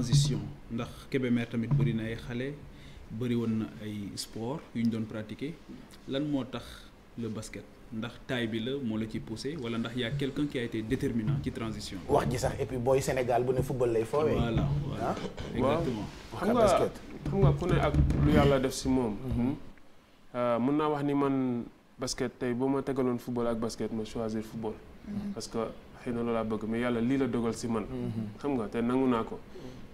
transition ndax Kébémer tamit bëri na ay xale bëri woon na ay sport yu ñu doon pratiquer lan moo tax la basket ndax taay bi la moo la ci poussé wala ndax y a quelqu'un qui a été déterminant ci transition wax ji sax et puis booy Sénégal bu ne football lay foowee voilà voilà ah? exactement xam nga ku ne ak lu yàlla def si moom mën mhm. euh, naa wax ni man basket tey boo ma tegaloon football ak basket ma choisir football. Mhm. parce que xëy na laa bëgg mais yàlla lii la dogal si man. Mhm. xam nga te nangu naa ko.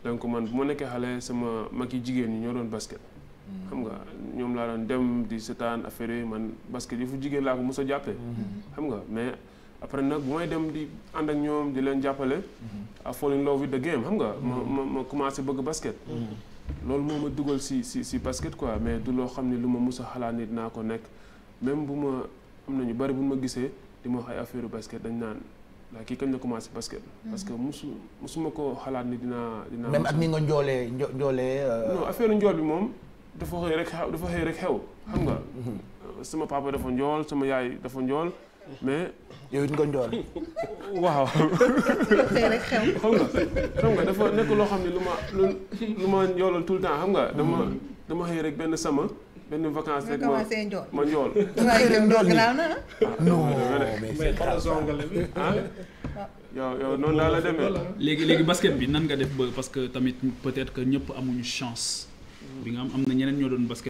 donc man bu ma nekkee xale sama mag yi jigéen ñi ñoo doon basket. Mhm. xam nga ñoom laa doon dem di setaan affaire yi man basket yi fu jigéen laa ko mos a jàppee. xam nga mais après nag bu may dem di ànd ak ñoom di leen jàppale. à fall in love with the game xam nga. ma ma ma commencé bëgg basket. loolu moo ma dugal si si si basket quoi mais du loo xam ne lu ma mos a xalaat ni dinaa ko nekk. même bu ma am na ñu bari bu ma gisee di ma wax ay affaire basket dañ naan la kii kañ la commencé basket. Hmm. parce que su musuma ko xalaat ni dina dina même ak ni nga njoolee njo njoolee. Euh, non affaire njool bi moom dafa xëy rek xew rek xew xam nga. Hmm. sama papa dafa njool sama yaay dafa njool. mais nga njool. waaw. tey rek xam nga dafa nekk loo xam ne lu ma lu ma njoolal tout le temps xam nga. dama hmm. dama xëy rek benn sama. benn vacance rek ma ma njool. waaye dem ndox garaaw na ah. non ah, mais ah. yow yow laa la demee. léegi léegi basket bi nan nga def ba parce que tamit peut-être que ñëpp amuñu chance. bi nga am am na ñeneen ñoo doon basket.